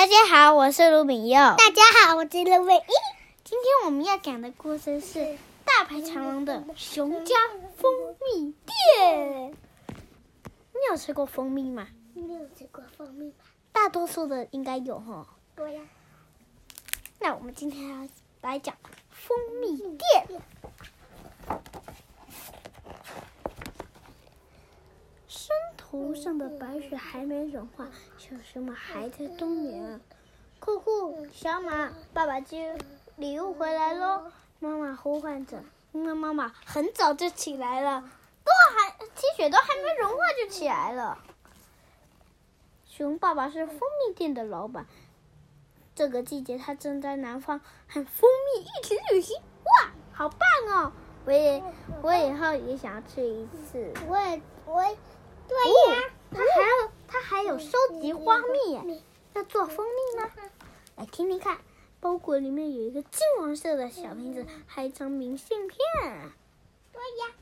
大家好，我是盧敏佑。大家好，我是盧偉一。今天我們要講的故事是《大排長龍的熊家蜂蜜店》。你有吃過蜂蜜嗎？你有吃過蜂蜜嗎？大多數的應該有哈、哦。對呀的。那我們今天要來講蜂蜜店。湖上的白雪還沒融化，小熊們還在冬眠。酷酷，小馬爸爸接禮物回來嘍！媽媽呼喚着，因為媽媽很早就起來了，都還積雪都還沒融化就起來了。熊爸爸是蜂蜜店的老闆，這個季節他正在南方和蜂蜜一起旅行。哇，好棒哦！我也，我以後也想要去一次。我也，我。對呀、啊，哦嗯、它還有它還有收集花蜜，蜂要做蜂蜜嗎？來聽聽看，包裹裡面有一個金黃色的小瓶子，嗯、還有一張明信片。嗯、對呀、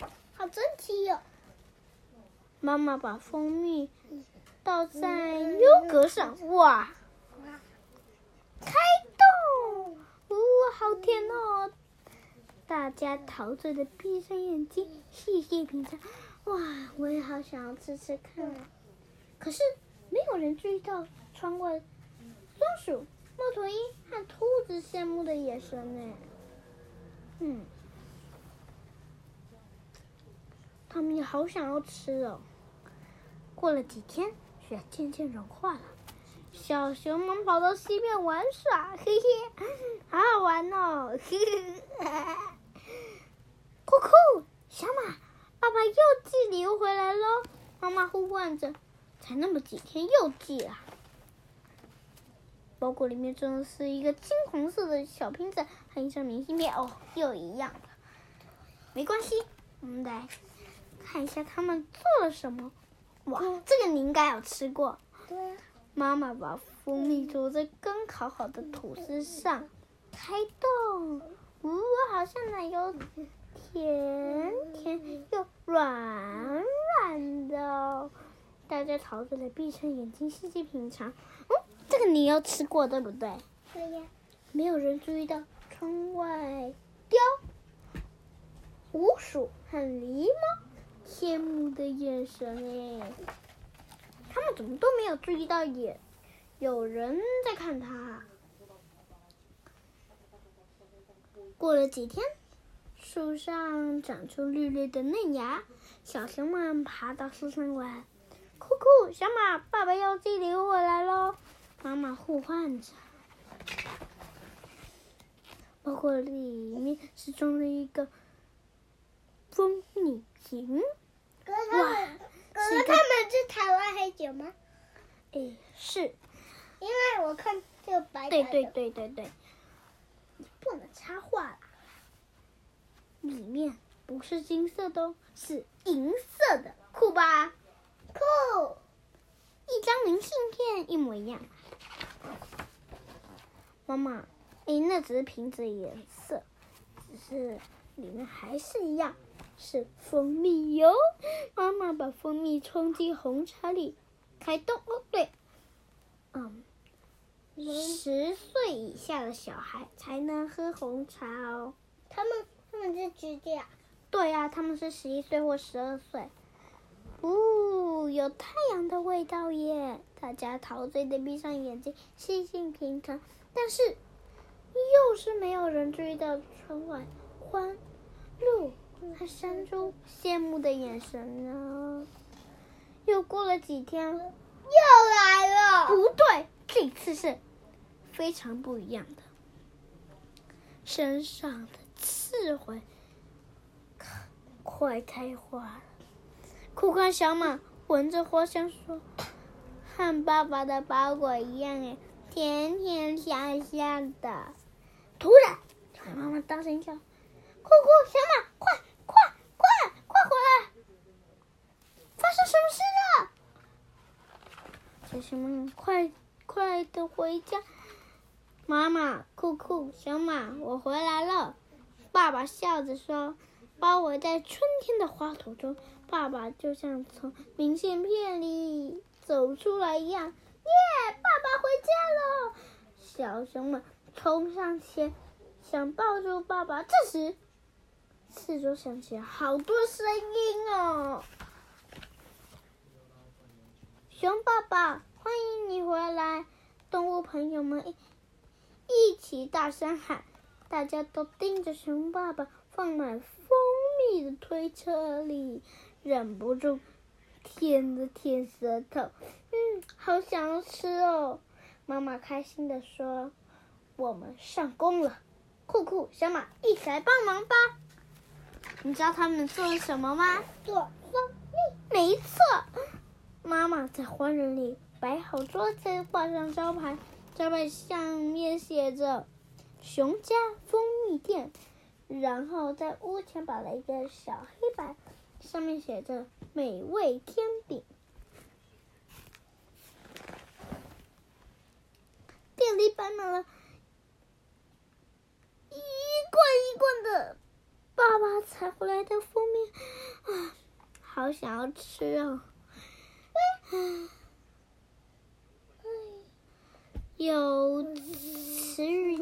啊，好神奇喲、哦！媽媽把蜂蜜倒在優格上，哇，開動！嗚、哦，好甜哦！嗯、大家陶醉的閉上眼睛，細細、嗯、品嘗。哇，我也好想要吃吃看啊！嗯、可是沒有人注意到穿過松鼠、貓頭鷹和兔子羨慕的眼神呢。嗯，他們也好想要吃哦。過了幾天，雪漸漸融化了，小熊們跑到溪邊玩耍。嘿嘿，好好玩哦。酷 酷，小馬。爸爸又寄禮物回來嘍！媽媽呼喚着才那麼幾天又寄了啊。包裹裡面裝的是一個金黃色的小瓶子和一張明信片。哦，又一樣了，沒關係。我們來看一下他們做了什麼。哇，這個你應該有吃過。媽媽把蜂蜜塗在剛烤好的吐司上，開動。嗚，好像奶油。甜甜又軟軟的哦，大家陶醉的，閉上眼睛，細細品嘗。嗯，這個你要吃過對不對？對呀。沒有人注意到窗外鵰、鼯鼠、很狸貓羨慕的眼神哎，他們怎麼都沒有注意到也有人在看它。過了幾天。樹上長出綠綠的嫩芽，小熊們爬到樹上玩。酷酷，小馬，爸爸要寄禮物來嘍！媽媽呼喚着。包裹裡面是裝了一個蜂蜜瓶。哥哥，是哥哥，他們是台灣黑酒嗎？哎、欸，是。因為我看這個白，白的。對對對對對，你不能插話了。裡面不是金色的哦，是銀色的，酷吧？酷！Cool. 一張明信片一模一樣。媽媽，哎，那只是瓶子顏色，只是裡面還是一樣，是蜂蜜喲。媽媽把蜂蜜沖進紅茶裡，開動哦。對，嗯，嗯十歲以下的小孩才能喝紅茶哦。他們。他們是這樣，對呀、啊，他們是十一歲或十二歲。哦，有太陽的味道耶！大家陶醉地閉上眼睛，細心品嘗。但是，又是沒有人注意到窗外，花、鹿、那山豬羨慕的眼神啊！又過了幾天，又來了。不對，這次是非常不一樣的。身上的。刺槐快開花了，酷酷小馬聞着花香說：“像爸爸的包裹一樣，哎，甜甜香香的。”突然，媽媽大聲叫：“酷酷小馬，快快快快回來！發生什麼事了？小熊們，快快的回家！媽媽，酷酷小馬，我回來了。”爸爸笑着說：“包圍在春天的花叢中。”爸爸就像從明信片裡走出來一樣。耶，yeah！爸爸回家了！小熊們衝上前，想抱住爸爸。這時，四周響起了好多聲音哦！熊爸爸，歡迎你回來！動物朋友們一，一起大聲喊。大家都盯着熊爸爸放滿蜂蜜的推車裡，忍不住舔了舔舌頭，嗯，好想吃哦。媽媽開心地說：“我們上工了，酷酷、小馬，一起來幫忙吧。你知道他們做了什麼嗎？做蜂蜜，沒錯。媽媽在花園裡擺好桌子，掛上招牌，招牌上面寫着。”熊家蜂蜜店，然後在屋前擺了一個小黑板，上面寫着“美味甜餅”。店裡擺滿了，一罐一罐的爸爸採回來的蜂蜜，啊，好想要吃啊、哦哎！哎，有食慾。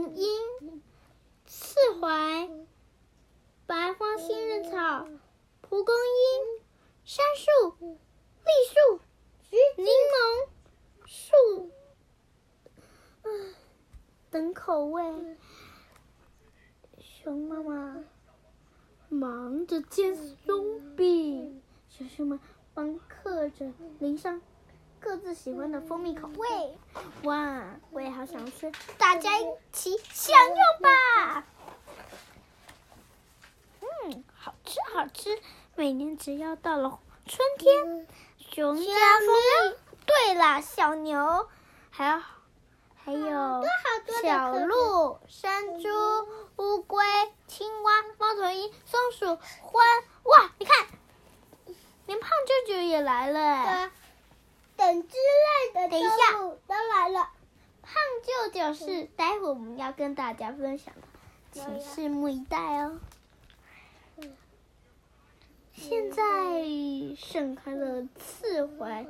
好，蒲公英、杉樹、栗樹、檸精檬樹等口味，熊媽媽忙着煎鬆餅，小熊熊們幫客人淋上，各自喜歡的蜂蜜口味。喂哇，我也好想吃，大家一起享用吧。每年只要到了春天，嗯、熊家蜂蜜。對啦，小牛，還有還有小鹿、好多小鹿、山豬、嗯、烏龜、青蛙、貓頭鷹、松鼠、獾。哇，你看，連胖舅舅也來了、欸呃。等之類的動物都來了。來了，胖舅舅是待會我們要跟大家分享的，嗯、請拭目以待哦。嗯現在盛開了刺槐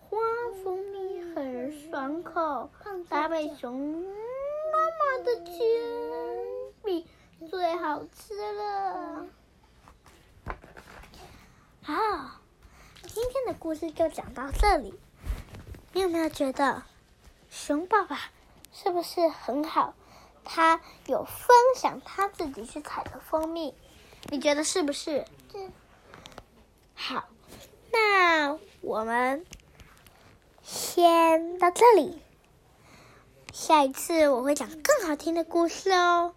花，蜂蜜很爽口，搭配熊媽媽的煎餅最好吃了。好，今天的故事就講到這裡。你有沒有覺得熊爸爸是不是很好？他有分享他自己去採的蜂蜜。你覺得是不是？嗯，好，那我們先到這裡。下一次我會講更好聽的故事哦。